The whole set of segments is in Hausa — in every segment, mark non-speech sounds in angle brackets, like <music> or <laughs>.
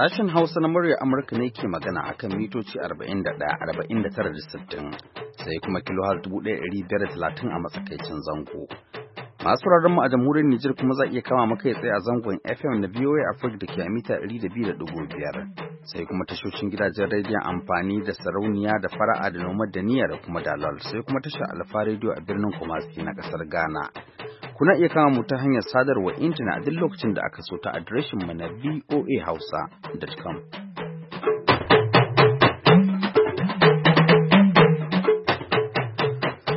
Sashen Hausa na murya Amurka ne ke magana akan mitoci 41-49-60 sai kuma kilo kilohar 1530 a matsakaicin zango. Masu wuraren mu a jamhuriyar Nijar kuma za iya kama maka tsaye a zangon FM na VOA Africa da ke a mita 200.5 sai kuma tashoshin gidajen rediyon amfani da sarauniya da fara'a da noma da niyya da kuma dalol sai kuma tashar Alfa rediyo a birnin Kumasi na kasar Ghana. Kuna iya kama mu ta hanyar sadarwa intanet duk lokacin da aka so ta adireshin mu na voahausa.com.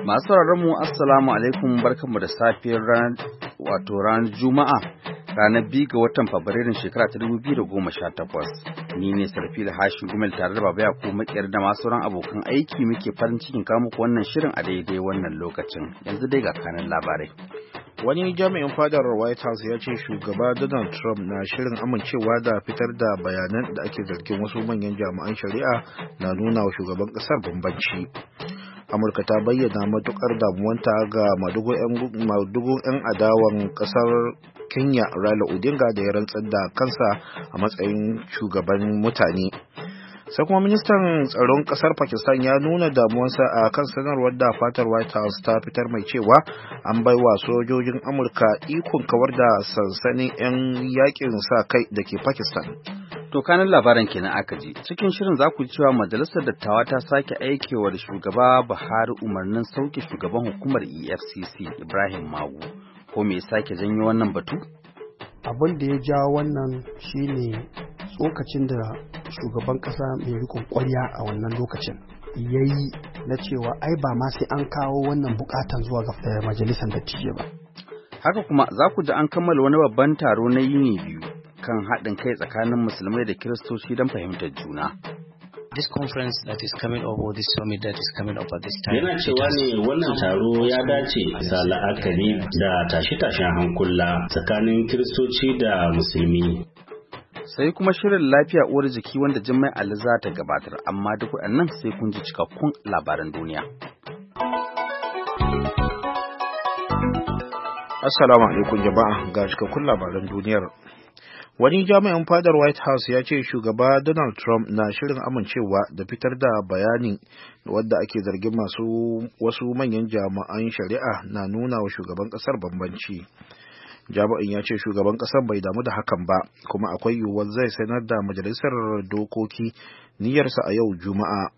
Masu sauraron mu Assalamu alaikum barkanmu da safiyar ranar wato ranar Juma'a ranar biyu ga watan Fabrairun shekara ta dubu biyu da goma sha takwas. Ni ne da Hashin Gumel tare da Baba ya ku Makiyar da masu sauran abokan aiki muke farin cikin kawo maku wannan shirin a daidai wannan lokacin. Yanzu dai ga kanan labarai. wani jami'in fadar white house ya ce shugaba donald trump na shirin amincewa da fitar da bayanan da ake zargin wasu manyan jami'an shari'a na nuna wa shugaban kasar bambanci amurka ta bayyana matukar damuwanta ga madugun 'yan adawan kasar kenya raila odinga da ya rantsar da kansa a matsayin shugaban mutane sai kuma ministan tsaron kasar pakistan ya nuna damuwarsa a kan sanarwar da fatar white house ta fitar mai cewa an bai wa sojojin amurka ikon kawar da sansanin 'yan yakin sa kai da ke pakistan to kanan labaran kenan aka ji cikin shirin za ku ji cewa majalisar dattawa ta sake aikewa da shugaba buhari umarnin sauke shugaban hukumar efcc ibrahim magu ko me sake janyo wannan batu abin da ya ja wannan shine tsokacin da shugaban kasa mai rikon kwarya a wannan lokacin ya yi na cewa ai ba ma sai an kawo wannan bukatan zuwa ga eh, majalisar dattijai ba haka kuma za ku ji an kammala wani babban taro na yini biyu kan haɗin kai tsakanin musulmai da kiristoci don fahimtar juna this conference that is coming up or this summit that is coming up at this time. Yana cewa ne wannan taro ya dace da la'akari da tashe-tashen hankula tsakanin Kiristoci da Musulmi. Sai kuma shirin lafiya uwar jiki wanda Jummai Ali za ta gabatar amma duk waɗannan sai kun ji cikakkun labaran duniya. Assalamu alaikum jama'a ga cikakkun labaran duniyar. wani jami'in fadar white house ya ce shugaba donald trump na shirin amincewa da fitar da bayani wadda ake zargin masu wasu manyan jami'an shari'a na nuna wa shugaban kasar bambanci jami'in ya ce shugaban kasar bai damu da hakan ba kuma akwai yiwuwar zai sanar da majalisar dokoki niyyarsa a yau juma'a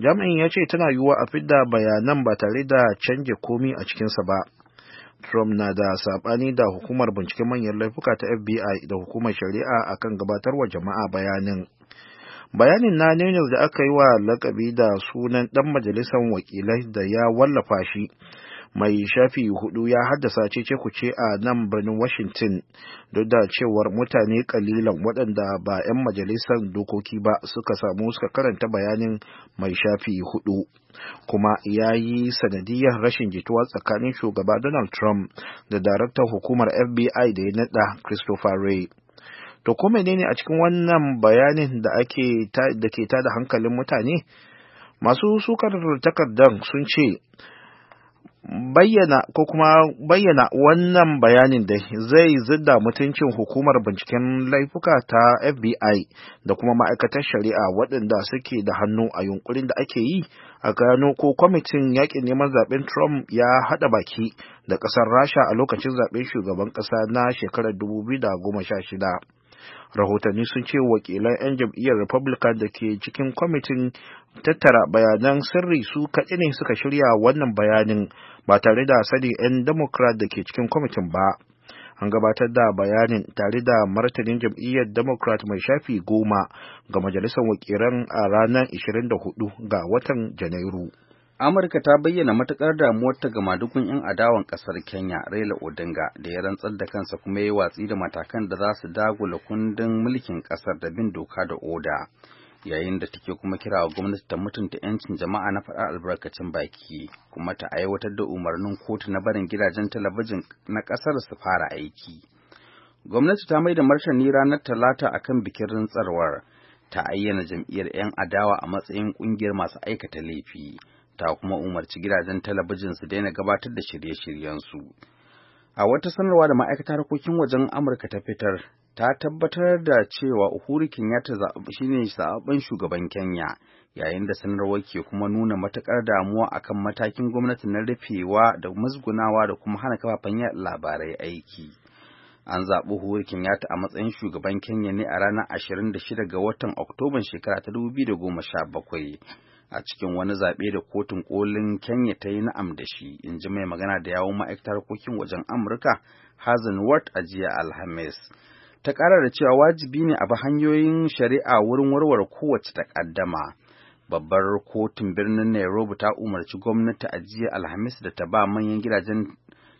jami'in ya ce tana yiwuwa a fidda bayanan ba tare da canje komi a cikinsa ba Trump na da saɓani da hukumar binciken manyan laifuka ta FBI da hukumar shari'a akan gabatarwa jama'a bayanin. Bayanin na York da aka yi wa lakabi da sunan ɗan majalisar wakilai da ya wallafa shi mai shafi hudu ya haddasa cece kuce a nan birnin washington duk da cewar mutane kalilan waɗanda ba 'yan majalisar dokoki ba suka samu suka karanta bayanin mai shafi hudu kuma ya yi sanadiyar rashin jituwa tsakanin shugaba donald trump da daraktan hukumar fbi da ya nada christopher ray to ko menene a cikin wannan bayanin da ake da ke tada hankalin mutane masu sukar takardar sun ce bayyana ko kuma bayyana wannan bayanin da zai zidda mutuncin hukumar binciken laifuka ta FBI da kuma ma'aikatar shari'a waɗanda suke da hannu a yunkurin da ake yi a gano ko kwamitin yakin neman zaben Trump ya haɗa baki da ƙasar Rasha a lokacin zaben shugaban ƙasa na shekarar 2016. rahotanni sun ce wakilan 'yan jam'iyyar republican da ke cikin kwamitin tattara bayanan sirri su kaɗai ne suka shirya wannan bayanin ba tare da sani 'yan democrat da ke cikin kwamitin ba an gabatar da bayanin tare da martanin jam'iyyar democrat mai shafi goma ga majalisar wakilan a ranar 24 ga watan janairu Amurka ta bayyana matuƙar damuwarta ga madukun 'yan adawan ƙasar Kenya Raila Odinga da ya rantsar da kansa kuma ya yi watsi da matakan da za su dagula kundin mulkin ƙasar da bin doka da oda. Yayin da take kuma kira wa gwamnati ta mutunta 'yancin jama'a na faɗar albarkacin baki kuma ta aiwatar da umarnin kotu na barin gidajen talabijin na ƙasar su fara aiki. Gwamnati ta mai da martani ranar Talata akan bikin rantsarwar ta ayyana jam'iyyar 'yan adawa a matsayin ƙungiyar masu aikata laifi. ta kuma umarci gidajen talabijin su daina gabatar da shirye-shiryensu. A wata sanarwa da ma'aikata harkokin wajen Amurka ta fitar, ta tabbatar da cewa Uhuru Kenyatta ne zaɓen shugaban Kenya, yayin da sanarwar ke kuma nuna matuƙar damuwa akan matakin gwamnati na rufewa da musgunawa da kuma hana kafafen yaɗa labarai aiki. An zaɓi Uhuru Kenyatta a matsayin shugaban Kenya ne a ranar 26 ga watan Oktoban shekara ta 2017. a cikin wani zaɓe da kotun kolin kenya ta yi na'am da shi in ji mai magana da yawon ma'aikatar harkokin wajen amurka hazen ward a jiya alhamis ta ƙara da cewa wajibi ne a bi hanyoyin shari'a wurin warware kowace takaddama babbar kotun birnin nairobi ta umarci gwamnati a jiya alhamis da ta ba manyan gidajen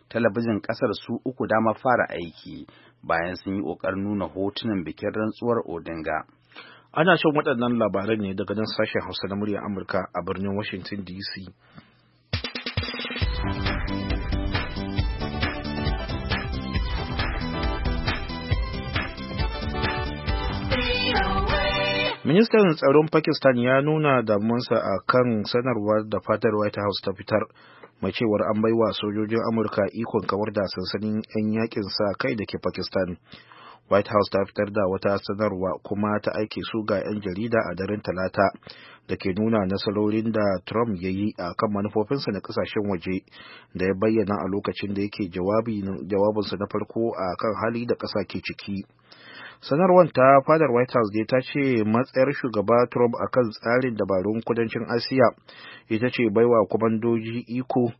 talabijin ƙasar su uku dama fara aiki bayan sun yi ƙoƙarin nuna hotunan bikin rantsuwar odinga Ana shan waɗannan labaran ne daga nan sashen Hausa na muryar Amurka a birnin Washington DC. Ministan tsaron Pakistan ya nuna damuwarsa a kan sanarwar da fatar White House ta fitar mai cewar an baiwa sojojin Amurka ikon kawar da sansanin 'yan yakin sa kai da ke Pakistan. white house ta fitar da wata sanarwa kuma ta aike su ga 'yan jarida a daren talata da ke nuna nasarorin da trump ya yi a kan manufofinsa na kasashen waje da ya bayyana a lokacin da yake jawabinsa na farko a kan hali da ƙasa ke ciki sanarwar ta fadar white house dai ta ce matsayar shugaba trump akan tsarin dabarun kudancin asiya ita ce baiwa kwamandoji iko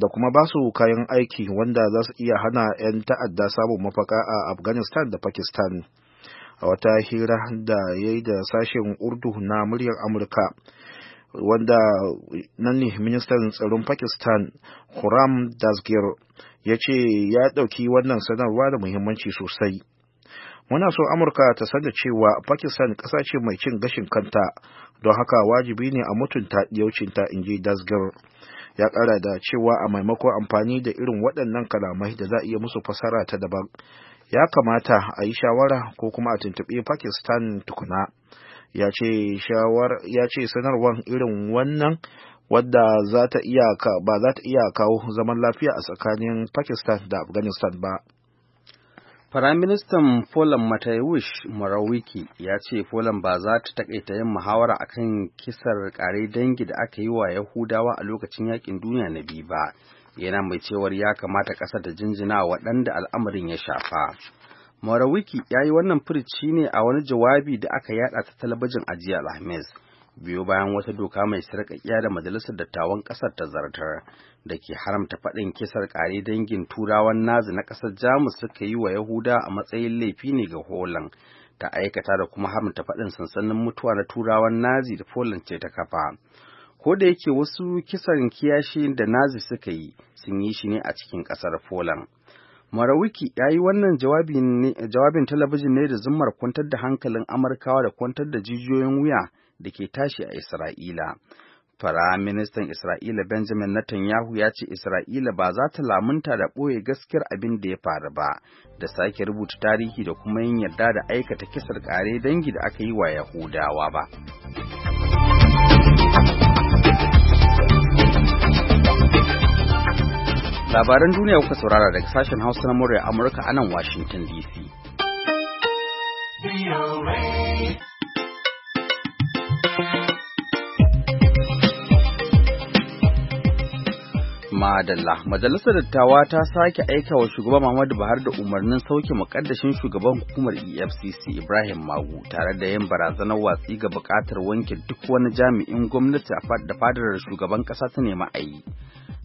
da kuma ba su kayan aiki wanda za su iya hana 'yan ta'adda samun mafaka a afghanistan da pakistan a wata hira da ya yi da sashen urdu na muryar amurka wanda nan ne ministan tsaron pakistan huram dasgir ya ce ya ɗauki wannan sanarwa da muhimmanci sosai muna so amurka ta sanda cewa pakistan ƙasa ce mai cin gashin kanta don haka wajibi ne a mutunta yaucinta in ji dasgir ya kara da cewa a maimakon amfani da irin waɗannan kalamai da za a iya musu fasara ta daban ya kamata a yi shawara ko kuma a tuntuɓi pakistan tukuna ya ce sanarwar irin wannan wadda ba za ta iya kawo zaman lafiya a tsakanin pakistan da afghanistan ba Firaministan Poland Mateusz Morawiecki ya ce Poland ba za ta takaita yin muhawara a kan kisar kare dangi da aka yi wa Yahudawa a lokacin yakin duniya na biyu ba. Yana mai cewar ya kamata ƙasa ta jinjina waɗanda al'amarin ya shafa. Morawiecki ya yi wannan furici ne a wani jawabi da aka yada ta talabijin a jiya Alhamis. biyo bayan wata doka mai sarƙaƙiya da majalisar dattawan ƙasar ta zartar da ke haramta faɗin kisar ƙare dangin turawan nazi na ƙasar jamus suka yi wa yahuda a matsayin laifi ne ga holan ta aikata da kuma haramta faɗin sansanin mutuwa na turawan nazi da poland ce ta kafa ko da yake wasu kisan kiyashi da nazi suka yi sun yi shi ne a cikin ƙasar poland Marawiki ya yi wannan jawabin talabijin ne da zumar kwantar da hankalin Amurkawa da kwantar da jijiyoyin wuya da ke tashi a Isra'ila. Firaministan Isra'ila Benjamin Netanyahu ya ce Isra'ila ba za ta lamunta da ɓoye gaskiyar abin da ya faru ba, da sake rubuta tarihi da kuma yin yarda da aikata kisar ƙare dangi da aka yi wa Yahudawa ba. Labaran duniya kuka saurara daga sashen Hausa na Murya Amurka a nan Washington DC. Madalla, Majalisar Dattawa ta sake aika wa shugaba Muhammadu Buhari da umarnin sauke muƙaddashin shugaban hukumar EFCC Ibrahim Magu tare da yin barazanar watsi ga buƙatar wanke duk wani jami'in gwamnati da fadar shugaban ƙasa ta nema a yi.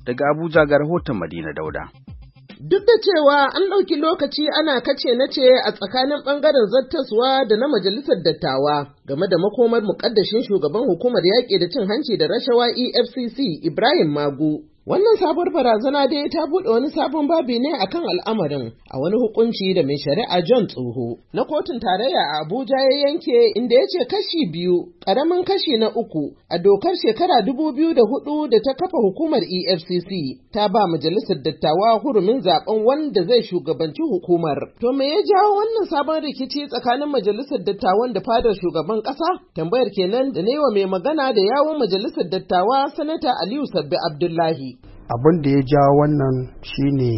Daga Abuja ga rahoton Madina Dauda. Duk da cewa an ɗauki lokaci ana kace na ce a tsakanin ɓangaren zattaswa da na majalisar dattawa game da makomar muƙaddashin shugaban hukumar yaƙi da cin hanci da rashawa EFCC Ibrahim Magu Wannan sabuwar barazana dai ta buɗe wani sabon babi ne a kan al'amarin a wani hukunci da mai shari'a John Tsoho na kotun tarayya a Abuja ya yanke inda ya ce kashi biyu ƙaramin kashi na uku a dokar shekara dubu biyu da hudu da ta kafa hukumar EFCC ta ba majalisar dattawa hurumin zaben wanda zai shugabanci hukumar. To me ya jawo wannan sabon rikici tsakanin majalisar dattawan da fadar shugaban ƙasa? Tambayar kenan da ne wa mai magana da yawon majalisar dattawa sanata Aliyu Sabbi Abdullahi. abin da ya ja wannan shine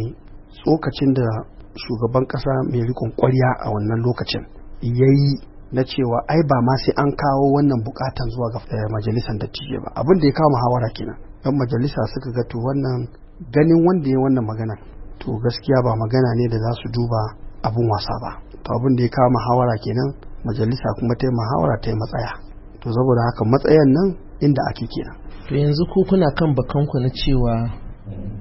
tsokacin da shugaban kasa mai rikon kwarya a wannan lokacin ya yi na cewa ai ba ma sai an kawo wannan bukatan zuwa ga eh, majalisar dattijai ba abin da ya kawo muhawara kenan yan majalisa suka ga to wannan ganin wanda ya wannan magana to gaskiya ba magana ne da za su duba abin wasa ba to abin da ya kawo muhawara kenan majalisa kuma ta yi muhawara ta yi matsaya to saboda haka matsayan nan inda ake kenan to yanzu ku kuna kan bakanku na cewa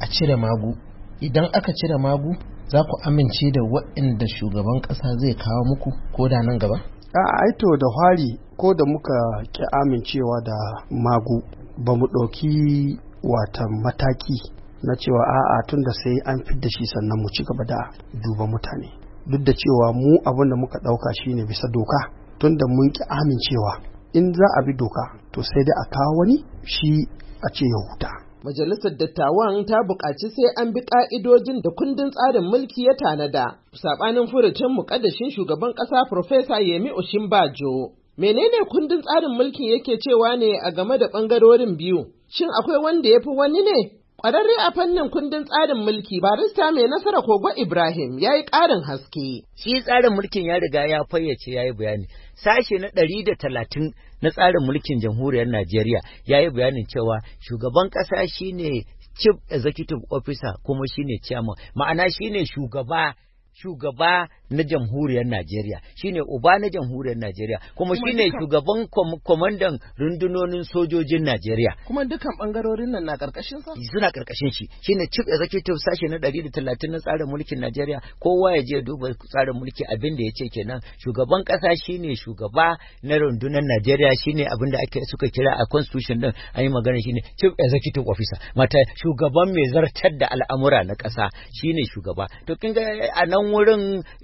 a cire magu idan aka cire magu za ku amince da waɗanda shugaban ƙasa zai kawo muku ko da nan gaba a aito da hwari ko da muka ki amincewa da magu ba mu ɗauki wata mataki na cewa a'a tun da sai an fi da shi sannan mu ci gaba da duba mutane duk da cewa mu abin da muka ɗauka shine bisa doka tun da mun ki amincewa in za a bi doka to sai dai a kawo wani shi a ce ya huta. Majalisar dattawan ta buƙaci sai an bi ƙa'idojin da kundin tsarin mulki ya tanada, saɓanin furucin muƙaddashin shugaban ƙasa Profesa Yemi Oshimbajo. Menene kundin tsarin mulkin yake cewa ne a game da ɓangarorin biyu? Shin akwai wanda yafi wani ne? Ƙwararre a fannin kundin tsarin mulki barista mai nasara Kogo Ibrahim ya yi ƙarin haske. Shi tsarin mulkin ya riga ya fayyace ya yi bayani. Sashe na ɗari da talatin na tsarin mulkin jamhuriyar Najeriya ya yi bayanin cewa shugaban ƙasa shine Chief Executive Officer kuma shine Chairman ma'ana shine shugaba shugaba na jamhuriyar Najeriya shine uba na jamhuriyar Najeriya kuma shine shugaban kwamandan rundunonin sojojin Najeriya kuma dukan bangarorin nan na karkashin sa suna karkashin shi shine chief executive sashe na 130 na tsarin mulkin Najeriya kowa ya je duba tsarin mulki abin da yace kenan shugaban kasa shine shugaba na rundunar Najeriya shine abin da ake suka kira a constitution din an yi magana shine chief executive officer mata shugaban mai zartar da al'amura na kasa shine shugaba to kin ga a nan wurin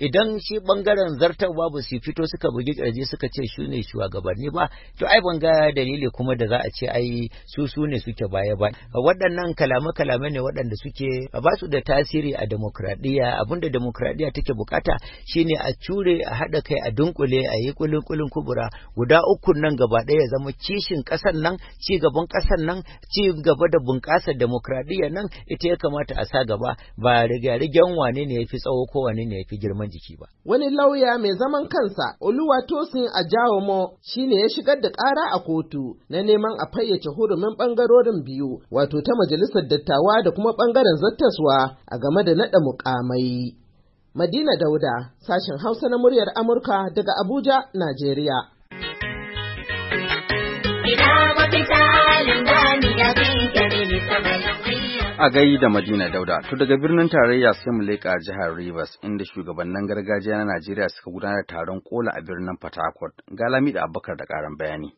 idan shi bangaren zartar babu su fito suka bugi kirji suka ce shi ne shugabanni ba to ai ban ga dalili kuma da za a ce ai su su ne suke baya ba waɗannan kalame kalame ne waɗanda suke ba su da tasiri a demokradiyya abinda demokradiyya take bukata shine a cure a haɗa kai a dunkule a yi kulin kulin kubura guda uku nan gaba ɗaya ya zama kishin ƙasar nan ci gaban ƙasar nan ci gaba da bunƙasar demokradiyya nan ita ya kamata a sa gaba ba rigya-rigyan wane ne ya fi tsawo ko kowane ne ya fi girman jiki ba. Wani lauya mai zaman kansa Oluwatosin Ajawomo shi ne ya shigar da ƙara a kotu na neman a fayyace hurumin ɓangarorin biyu wato ta majalisar dattawa da kuma ɓangaren zattaswa a game da naɗa muƙamai. Madina Dauda, sashen Hausa na muryar Amurka daga Abuja, Najeriya. Ina a gai da Madina Dauda. To daga birnin tarayya sai mu leƙa jihar Rivers inda shugabannin gargajiya na Najeriya suka gudanar da taron kola a birnin Port Harcourt. Ga Lamida Abubakar da karan bayani.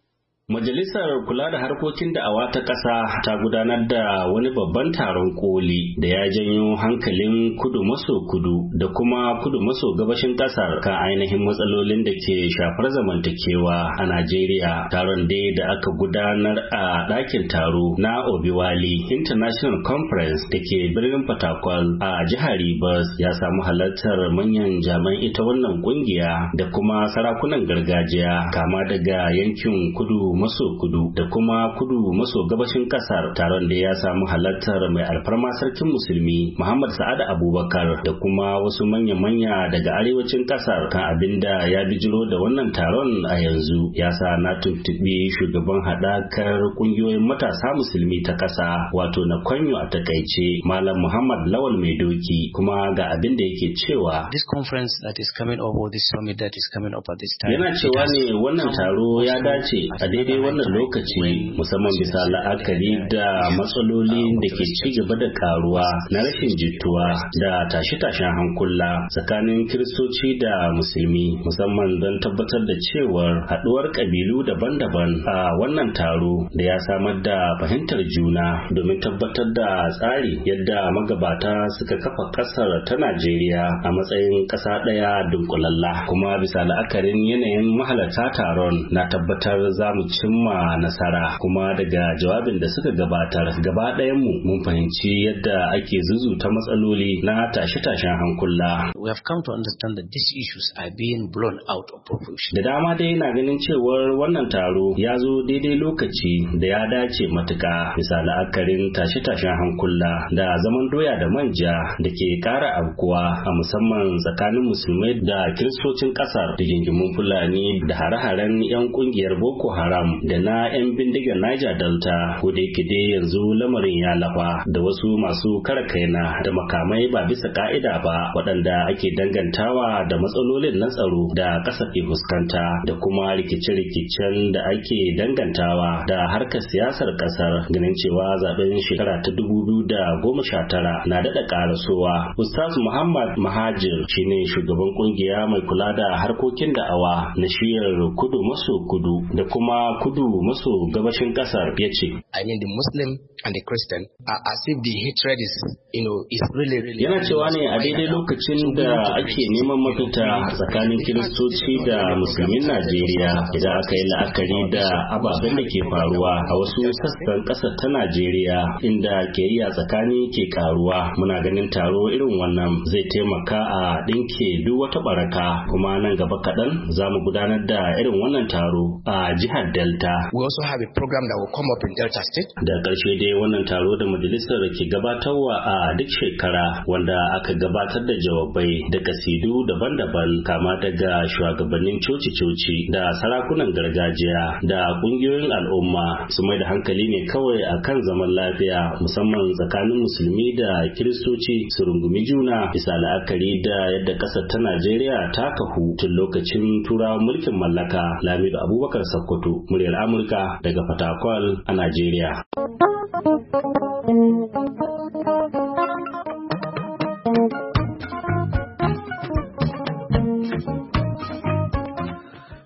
Majalisar Kula da Harkokin Da'awa ta Ƙasa ta gudanar da wani babban taron koli da ya janyo hankalin kudu maso kudu da kuma kudu maso gabashin ƙasar ka ainihin matsalolin da ke shafar zamantakewa a Najeriya. Taron dai da aka gudanar a ɗakin taro na Obiwali International Conference da ke birnin Fatakwal a jihar Rivers ya samu halartar manyan jami'an ita wannan ƙungiya da kuma sarakunan gargajiya kama daga yankin kudu maso kudu da kuma kudu maso gabashin kasar taron da ya samu halartar mai alfarma sarkin musulmi Muhammad Sa'ad Abubakar da kuma wasu manya-manya daga arewacin kasar kan abinda ya bijiro da wannan taron a yanzu ya sa na tuntuɓi shugaban haɗakar ƙungiyoyin matasa musulmi ta ƙasa wato na kwanyo a takaice Malam Muhammad Lawal Mai Doki kuma ga abinda da yake cewa this conference that is coming up or this summit that is coming up at this time yana cewa ne wannan taro ya dace a dai daidai wannan lokaci musamman bisa la'akari da matsalolin da ke ci gaba da karuwa na rashin jituwa da tashe-tashen hankula tsakanin kiristoci da musulmi musamman don tabbatar da cewar haɗuwar ƙabilu daban-daban a wannan taro da ya samar da fahimtar juna domin tabbatar da tsari yadda magabata suka kafa ƙasar ta Najeriya a matsayin ƙasa ɗaya dunkulalla kuma bisa la'akarin yanayin mahalarta taron na tabbatar za mu cimma nasara kuma daga jawabin da suka gabatar gaba ɗayan mu mun fahimci yadda ake zuzuta matsaloli na tashe-tashen hankula. We have come to understand that these issues are being blown out of proportion. Da dama dai na ganin cewar wannan taro ya zo daidai lokaci da ya dace matuka bisa la'akarin tashe-tashen hankula da zaman doya da manja da ke kara abkuwa a musamman tsakanin musulmai da kiristocin kasar da gingimin fulani da hare-haren 'yan kungiyar Boko Haram da na 'yan bindigar Niger Delta ko da yake dai yanzu lamarin ya lafa da wasu masu karakaina da makamai ba bisa ka'ida ba waɗanda ake dangantawa da matsalolin na tsaro da ƙasa ke fuskanta da kuma rikice-rikicen da ake dangantawa da harkar siyasar ƙasar ganin cewa zaben shekara ta dubu biyu da goma sha tara na daɗa ƙarasowa. Ustaz Muhammad Mahajir shine shugaban ƙungiya mai kula da harkokin da'awa na shiyar kudu maso kudu da kuma kudu maso gabashin kasar ya ce. I mean the Muslim and the Christian are as if the hatred is you know is really really Yana cewa ne a daidai lokacin da ake neman mafita tsakanin Kiristoci da Musulmin Najeriya idan aka yi la'akari da ababen da ke faruwa a wasu sassan kasar ta Najeriya inda kiyayya tsakani ke karuwa muna ganin taro irin wannan zai taimaka a ɗinke duk wata baraka kuma nan gaba kaɗan za mu gudanar da irin wannan taro a jihar Delta Delta. We also have a program that will come up in Delta State. Da ƙarshe dai wannan taro da majalisar ke gabatarwa a duk shekara wanda aka gabatar da jawabai da kasidu daban-daban kama daga shugabannin coci-coci da sarakunan gargajiya da ƙungiyoyin al'umma su mai da hankali ne kawai a kan zaman lafiya musamman tsakanin musulmi da kiristoci su rungumi juna bisa la'akari da yadda ƙasar ta Najeriya ta kahu tun lokacin turawa mulkin mallaka Lamido Abubakar Sokoto muryar Amurka daga Fatakwal a Najeriya.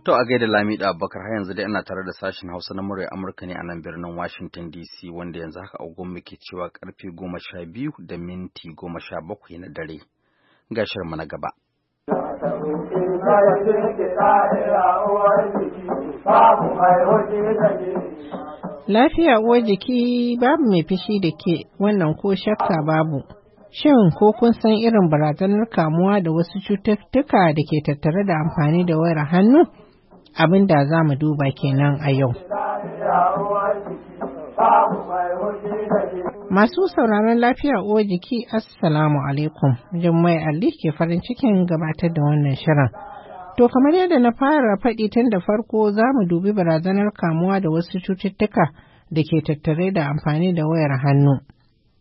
To a gaida Lamida Abubakar har yanzu dai ana tare da sashen Hausa na murya Amurka ne a nan birnin Washington DC wanda yanzu haka agogon muke cewa karfe goma sha biyu da minti goma sha bakwai na dare. Ga mu na gaba. Lafiya uwar jiki babu mai fishi da ke wannan ko shakka babu. Shin ko kun san irin barazanar kamuwa da wasu cututtuka da ke tattare da amfani da wayar hannu? Abin da za mu duba kenan a yau. Masu sauraron lafiya uwar jiki, Assalamu alaikum. Jummai Ali ke farin cikin gabatar da wannan shirin. To kamar yadda na fara faɗi tun da farko za mu dubi barazanar kamuwa da wasu cututtuka da ke tattare da amfani da wayar hannu.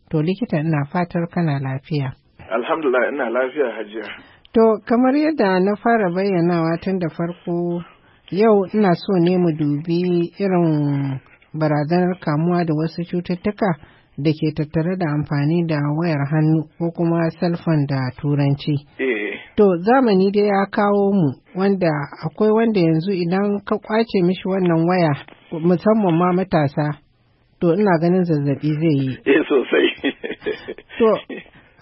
To likita ina fatar kana lafiya. Alhamdulillah ina lafiya hajiya. To kamar yadda na fara bayyanawa tun da farko yau ina so ne mu dubi irin barazanar kamuwa da wasu cututtuka da ke tattare da amfani da wayar hannu ko kuma selfon da turanci. Eh. To zamani dai ya kawo mu wanda akwai wanda yanzu idan ka kwace mishi wannan waya musamman ma matasa to ina ganin zazzabi zai yi. Eh sosai. To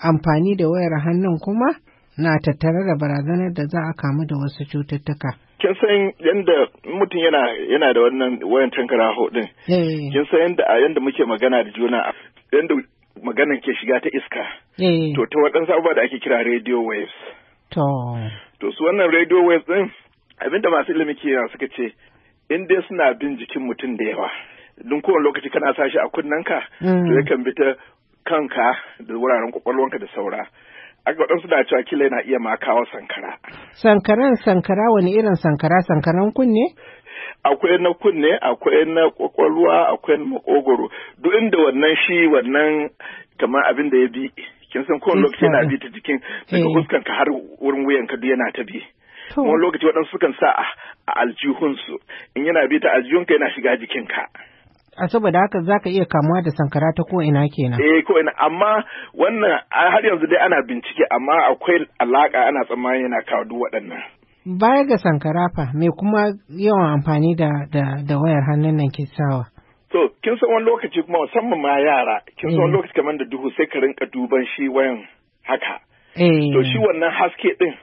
amfani da wayar hannun kuma na tattare da barazanar da za a kamu da wasu cututtuka. Kin san yadda mutum yana yana da wannan wayan tankara hudin. Eh. Kin san yadda yadda muke magana da juna yadda maganan ke shiga ta iska. Eh. To ta waɗansu abubuwa da ake kira radio waves. To su wannan radio waves din abinda masu ilimi ke suka ce in dai suna bin jikin mutum da yawa don kowane lokaci kana sashi a ka mm. to ya kan bi ta kanka da wuraren kwakwalwanka da saura aka waɗansu da cewa kila yana iya ma kawo sankara. Sankaran sankara wani irin sankara sankaran kunne? Akwai na kunne, akwai na kwakwalwa, akwai na makogoro, duk inda wannan shi wannan kamar abin da ya bi kin san kowane lokaci yana bi ta jikin daga eh. fuskan ka har wurin wuyan ka duk yana ta bi wani lokaci waɗansu sukan sa a aljihunsu in yana bi ta aljihun ka yana shiga jikinka. a saboda haka za ka iya kamuwa da sankara ta ko'ina kenan. Eh ko'ina amma wannan har yanzu dai ana bincike amma akwai alaka ana tsammani yana kawo duk waɗannan. Baya ga sankara fa me kuma yawan amfani da, da, da wayar hannun nan ke sawa? To, kin san wani lokaci kuma musamman ma yara, kin san wani mm. lokaci kamar da duhu sai ka rinka duban shi wayan haka. Eh. To shi wannan haske din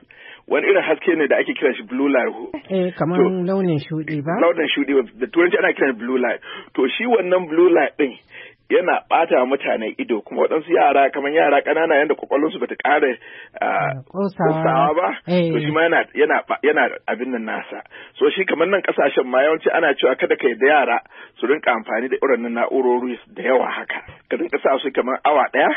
wani irin haske ne da ake kiran shi blue light. Eh kamar launin shudi ba? Launin shudi da turanci ana kiran blue light. To shi wannan blue light din yana ɓata mutane ido kuma waɗansu yara kamar yara ƙanana yadda kwakwalwarsu bata ƙara ah, ƙosawa ba eh. to shi ma yana yana yana abin nan nasa so shi kamar nan ƙasashen ma yawanci ana cewa kada ka da yara su rinka amfani da irin na'urori da yawa haka ka rinka sa su kamar awa ɗaya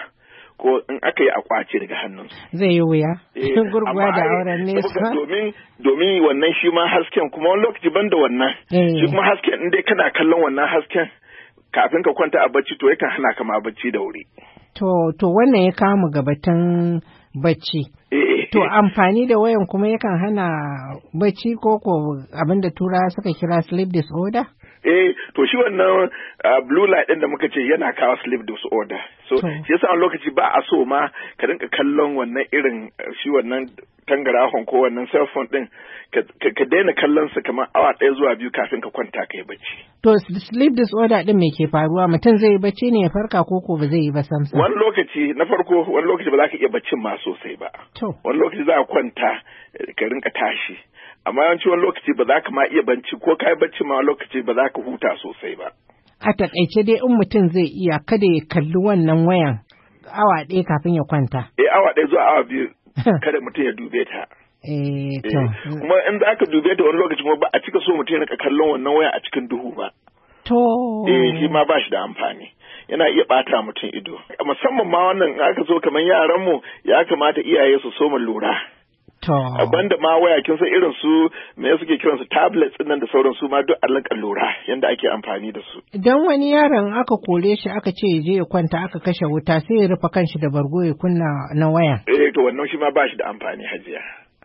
ko in aka yi akwaci daga su. Zai yi wuya. Eh, <laughs> Gurguwa da auren nesa. Domin domin wannan shi ma hasken kuma wani lokaci ban da wannan. Eh. Shi kuma hasken in dai kana kallon wannan hasken. kafin ka kwanta a bacci to yakan hana ka ma bacci da wuri. To, to wannan ya kamu gabatan bacci. Eh. To amfani da wayan kuma yakan hana bacci ko ko abinda tura suka kira sleep disorder? eh to shi wannan ah, blue light din da muka ce yana kawo sleep disorder so shi yasa a lokaci ba a so ma ka rinka kallon wannan irin eh, shi wannan tangarahon ko wannan cell phone din ka daina kallon sa kamar awa ɗaya zuwa biyu kafin ka kwanta kai bacci to sleep disorder din me ke faruwa mutum zai yi bacci ne ya farka ko ko ba zai yi ba sam wani lokaci na farko wani lokaci ba za ka iya baccin ma sosai ba wani lokaci za a kwanta eh, ka rinka tashi amma yawanci wani lokaci ba za ka ma iya banci ko ka yi bacci ma lokaci ba za ka huta sosai ba. A takaice dai in mutum zai iya kada ya kalli wannan wayan awa ɗaya kafin ya kwanta. Eh awa ɗaya zuwa awa biyu <laughs> kada mutum ya dube ta. Eh, eh to. Kuma in za ka dube ta wani lokaci kuma ba a cika so mutum ya rika kallon wannan waya a cikin duhu ba. To. Eh shi ma ba shi da amfani. yana iya ɓata mutum ido musamman ma wannan aka zo kamar yaranmu ya kamata iyaye su soma lura Banda ma waya kin san irin su me suke kiran su tablets din nan da sauran su ma duk a lura yanda ake amfani da su. idan wani yaron aka kore shi aka ce ya je ya kwanta aka kashe wuta sai ya rufe kanshi da bargo ya kunna na waya. Eh to wannan shi ma ba shi da amfani hajiya.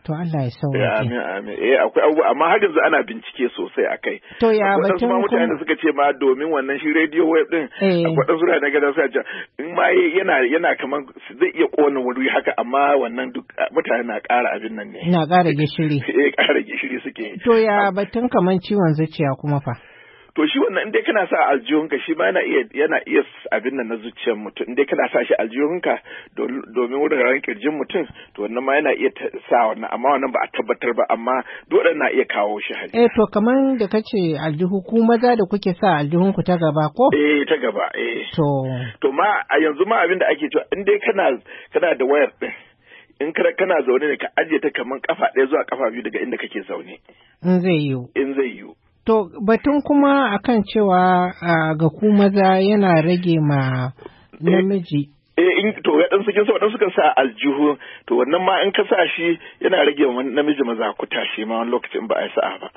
To Allah ya Ya eh, Amin amin. Eh akwai abubuwa amma har yanzu ana bincike sosai akai. To ya batun kuma mutane da suka ce ma domin wannan shi radio web din eh. akwai dan sura na gada sai ja. in ma yana yana kaman zai iya kona wuri haka amma wannan duk mutane na ƙara abin nan ne. Na ƙara gishiri. <laughs> Eh ƙara gishiri suke. To ya batun kaman ciwon zuciya kuma fa. to shi wannan indai kana sa aljihunka shi ma yana iya yana iya abin nan na zuciyar mutum indai kana sa shi aljihunka domin wuraren kirjin mutum to wannan ma yana iya sa wannan amma wannan ba a tabbatar ba amma dole na iya kawo shi hali. eh to kamar da kace aljihu ku maza da kuke sa aljihunku ta gaba ko eh ta gaba eh to to ma a yanzu ma abin da ake cewa indai kana kana da wayar din in kana kana zaune ne ka ajiye ta kamar kafa ɗaya zuwa kafa biyu daga inda kake zaune in zai yiwu in zai yiwu To batun kuma akan cewa ga ku maza yana rage ma eh, namiji. Eh in to ga dan sukin sa sukan sa aljihu to wannan ma in ka sa shi yana rage ma namiji maza ku shi ma wani lokacin ba a sa'a ba.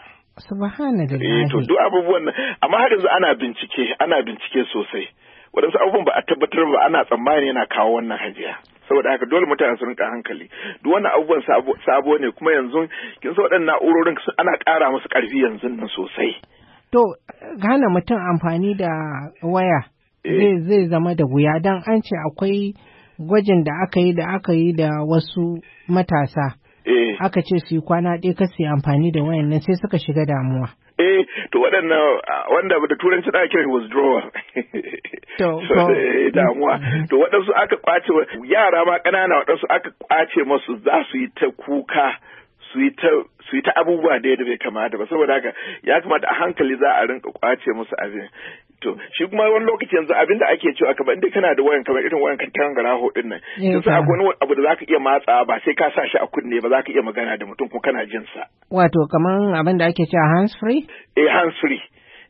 Subhanallah. Eh to duk abubuwan amma har yanzu ana bincike ana bincike sosai. Waɗansu abubuwan ba a tabbatar ba ana tsammani yana kawo wannan hajiya. saboda haka dole mutane su rinka hankali duk wannan abubuwan sabo ne kuma yanzu kin san waɗannan na'urorin ana ƙara musu ƙarfi yanzu nan sosai to gane mutum amfani da waya eh. zai zama da wuya don an ce akwai gwajin da aka yi da aka yi da wasu matasa eh. aka ce su yi kwana ɗaya ka yi amfani da wayan nan sai suka shiga damuwa eh to waɗannan wanda da turanci da ake withdrawal <laughs> eh, damuwa <laughs> to waɗansu aka kwace yara ma ƙanana waɗansu aka kwace masu za su yi ta kuka su yi ta su yi ta abubuwa da bai kamata ba saboda haka ya kamata a hankali za a rinka kwace musu abin to shi kuma wani lokaci yanzu abinda ake cewa kamar inda kana da wayan kamar irin wayan kan garaho din nan yanzu akwai wani abu da zaka iya matsa ba sai ka sa shi a kunne ba zaka iya magana da mutum ko kana jin sa wato kamar abin da ake cewa hands free eh hands free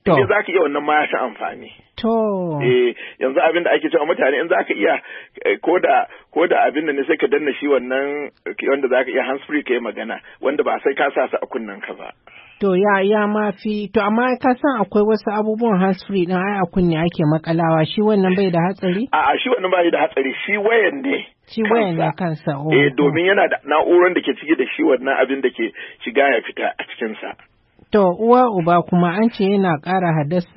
to sai zaka iya wannan ma ya amfani to eh yanzu abinda ake cewa mutane in zaka iya eh, ko da ko da abin da ne sai ka danna shi wannan wanda zaka iya hands free ka yi magana wanda ba sai ka sa shi a kunnen ka ba To ya ya ma fi to amma ka san akwai wasu abubuwan hands free din ai a kunne ake makalawa shi wannan bai da hatsari? A'a shi wannan bai da hatsari shi wayan ne. Shi wayan ne kansa. Oh. Eh domin yana da na'urar da ke cike da shi wannan abin da ke shiga ya fita a cikin sa. To uwa uba kuma an ce yana ƙara hadas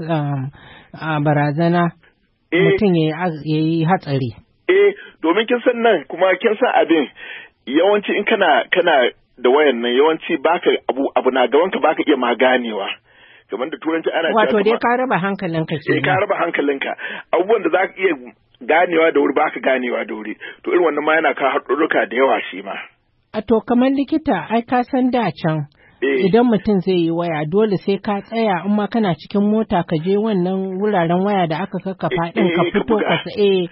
a barazana eh. mutum ya yi hatsari. Eh domin kin san nan kuma kin san abin yawanci in kana kana da wayannan yawanci baka abu abu na gaban ka baka iya maganewa. kamar da turanci ana wato dai ka raba hankalinka ke eh, ka raba hankalinka abubuwan da zaka iya ganewa da wuri baka ganewa da wuri to irin wannan ma yana ka haɗuruka da yawa shi ma a to kamar likita ai ka san da can Eh. idan mutum zai yi waya dole sai ka tsaya in ma kana cikin mota ka je wannan wuraren waya da aka kakkafa din eh, ka fito ka tsaye eh.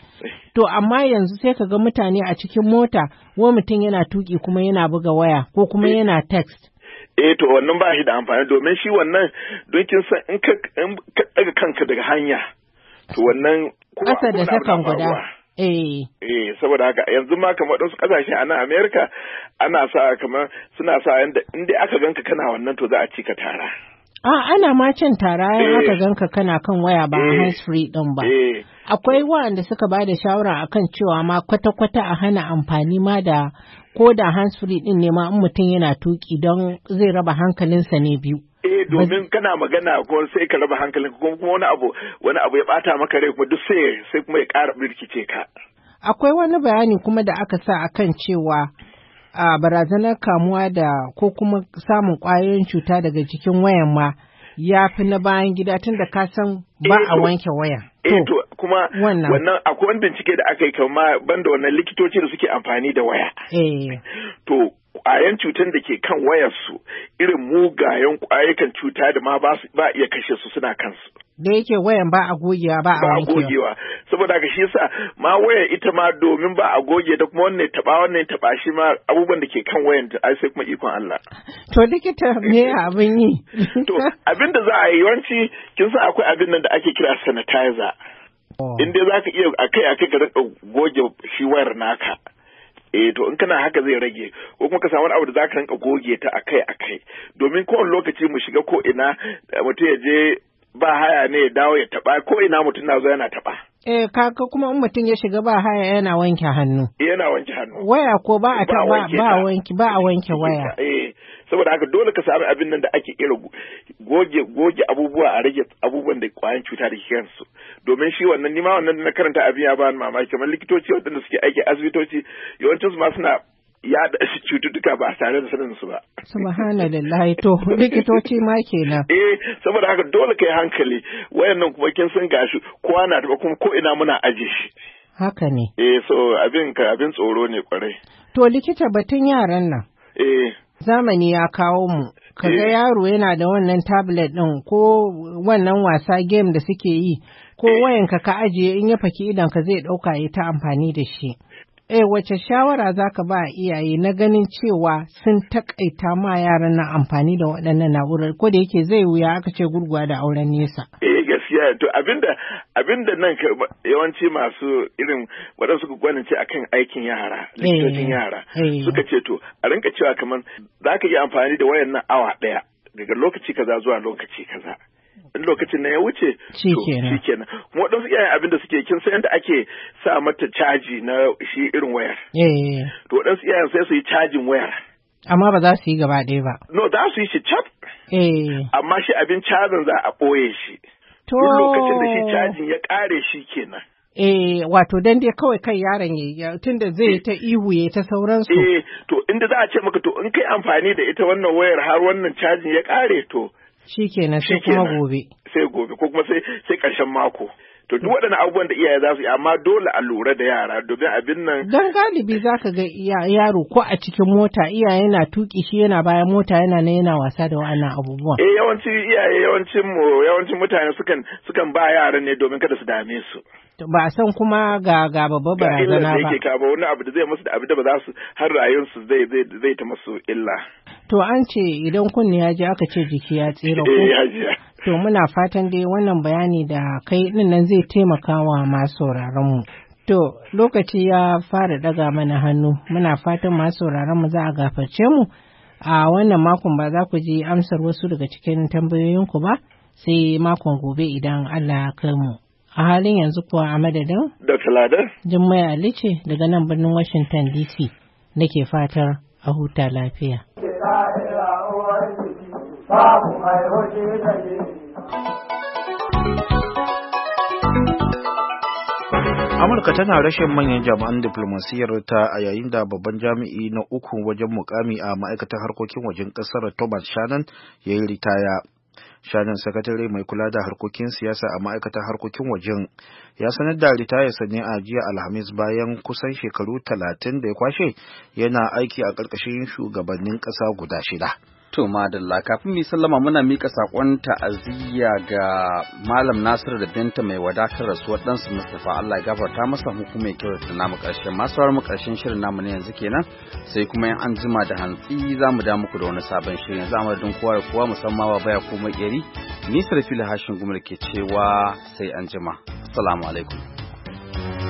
to amma yanzu sai ka ga mutane a cikin mota wa mutum yana tuki kuma yana buga waya ko kuma yana text eh to wannan ba shi da amfani domin shi wannan don kin san in ka daga kanka daga hanya to wannan kasa da sakan guda Eh. eh, saboda haka yanzu ma kamar waɗansu kasashe a nan Amerika ana sa kamar suna sa yanda in dai aka ganka kana wannan to za a ci ka tara. A ana ma cin tara yan eh. aka ganka kana kan waya ba eh. hands free din ba. Akwai waɗanda suka ba da shawara akan cewa ma kwata-kwata a hana amfani ma da ko da hands free din ne ma in mutum yana tuki don zai raba hankalinsa ne biyu. eh domin kana magana ko sai ka raba hankalin kuma wani abu wani abu ya bata maka rai kuma duk sai sai kuma ya ƙara birkice ka akwai wani bayani kuma da aka sa akan cewa a barazanar kamuwa da ko kuma samun ƙwayoyin cuta daga cikin wayan ma ya fi na bayan gida tun da ka san ba eh, a wanke waya. Eh to kuma wannan akwai wani bincike da aka yi kama banda wannan likitoci da suke amfani da waya. Eh. To ƙwayan cutan da ke kan wayarsu irin mugayen ƙwayukan cuta da ma ba iya kashe su suna kansu. Da yake wayan ba a gogewa ba a Ba a gogewa. Saboda haka shi yasa ma wayar ita ma domin ba a goge da kuma wannan taɓa wannan taɓa shi ma abubuwan da ke kan wayan ta sai kuma ikon Allah. To likita me abin yi? <laughs> To abin da za a yi yawanci kin san akwai abin nan da ake kira sanitizer. Oh. In dai za ka iya akai akai ka goge shi wayar naka. eh to in kana haka zai rage ko kuma ka samu abu da zaka rinka goge ta akai akai domin kowane lokaci mu shiga ko ina eh, mutum ya je ba haya ne ya dawo ya taba ko ina mutum na zo yana taba eh kaka kuma in mutum ya shiga ba haya yana wanke hannu yana wanke hannu waya ko ba a ba wanke ba a wanke waya eh saboda haka dole ka sami abin nan da ake kera goge goge abubuwa a rage abubuwan da kwayan cuta da kansu domin shi wannan nima wannan na karanta abin ya bani mamaki kamar likitoci waɗanda suke aiki asibitoci yawancin su ma suna yaɗa <laughs> cututtuka ba tare da sanin su ba. Subhanallah to likitoci ma kenan. <laughs> Eh saboda haka dole kai hankali wayannan kuma kin san gashi kowa na da kuma ko ina muna aje shi. Haka ne. Eh so abin ka abin tsoro ne kwarai. To likita batun yaran nan. Eh zamani ya kawo mu kaga eh. yaro yana da wannan tablet ɗin ko wannan wasa game da suke yi ko eh. wayanka ka ajiye in ya faki idan ka zai ɗauka ya ta amfani da shi. Eh wace shawara za ka ba iyaye na ganin cewa sun takaita ma yaran na amfani da waɗannan na'urar ko da yake zai wuya aka ce gurguwa da auren nesa. Eh ya to abinda abinda nan yawanci masu irin waɗansu ce akan aikin yara eh, likitocin yara eh. suka ce to a rinka cewa kamar za ka yi amfani da wayan nan awa ɗaya daga lokaci kaza zuwa lokaci kaza in lokacin na ya wuce shi kenan kuma waɗansu iyayen abin da suke kin san yadda ake sa mata caji na shi irin wayar eh, to waɗansu iyayen sai su yi cajin wayar amma ba za su yi gaba ɗaya ba no za su yi shi cap amma shi abin cajin za a ɓoye shi To. lokacin da shi cajin ya ƙare shi kenan. Eh, wato dan dai kawai kai yaron ya tun da zai ta ihu ya ta sauransu. Eh, to inda za a ce maka to in kai amfani da ita wannan wayar har wannan cajin ya kare to. Shi sai kuma gobe. Sai gobe ko kuma sai sai ƙarshen mako. to duk waɗannan abubuwan da iyaye za su yi amma dole a lura da yara domin abin nan don galibi za ka ga yaro ko a cikin mota iyaye na tuki shi yana bayan mota yana na yana wasa da wa'annan abubuwan eh yawanci iyaye yawancin mu yawancin mutane sukan sukan ba yaran ne domin kada su dame su ba san kuma ga ga babba barazana ba ka ba wani abu da zai musu da abu da ba za su har rayuwarsu zai zai ta masu illa to an ce idan kunne ya ji aka ce jiki ya tsira ko eh, To muna fatan dai wannan bayani da kai nan zai taimaka wa masu mu. To lokaci ya fara daga mana hannu muna fatan masu mu za a gafarce mu a wannan makon ba za ku ji amsar wasu daga cikin tambayoyinku ba sai makon gobe idan Allah ya mu. a halin yanzu kuwa a madadin? Dr. Ladar. Jummai Ali ce daga nan birnin Washington DC nake fatar a huta lafiya. Amurka tana rashin manyan jami'an diflomasiyyar ta a yayin da babban jami'i na uku wajen mukami a ma'aikatar harkokin wajen ƙasar Thomas Shannon ya yi ritaya. Shannon sakatare mai kula da harkokin siyasa a ma'aikatar harkokin wajen ya sanar da ritayarsa ne a jiya alhamis bayan kusan shekaru talatin da ya kwashe yana aiki a ƙarƙashin shugabannin ƙasa guda shida. To madalla kafin mu sallama muna mika sakon ta'aziyya ga Malam Nasiru da Binta mai wadatar rasuwar ɗansu Mustapha Allah ya gafarta masa mu kuma ya da namu ƙarshen masu mu ƙarshen shirin namu ne yanzu kenan sai kuma yan an jima da hantsi za mu da muku da wani sabon shirin yanzu mu dun kowa da kowa musamman wa baya ko makeri ni Sarfila Hashin Gumar ke cewa sai an jima. Assalamu alaikum.